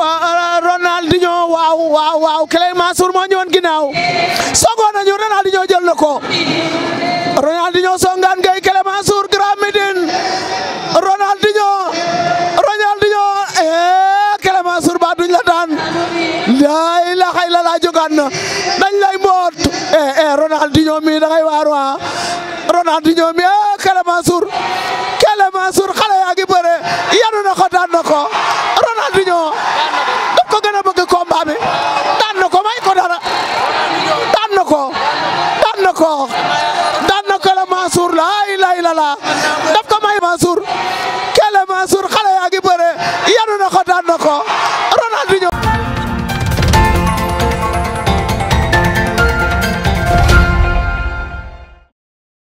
Ah, Ronaldinho waaw waaw waaw Clément Mansour moo ñëwoon ginnaaw songoon nañu Ronaldinho jël na ko Ronaldinho songaan ngay Clément Mansour Grand Médine Ronaldinho Ronaldinho eh Clément Mansour ba duñ la daan laa ilaaha illallaah jógaan na dañ lay mboot eh eh Ronaldinho mi da ngay waar wa Ronaldinho mi eh Clément Mansour daanu na daf ko gën a bëgg combat bi daan na ko may ko dara daan na ko daan na ko daan na ko la Mansour la ilaha illallah ko may Mansour kele Mansour xale yaa ngi na ko daan na ko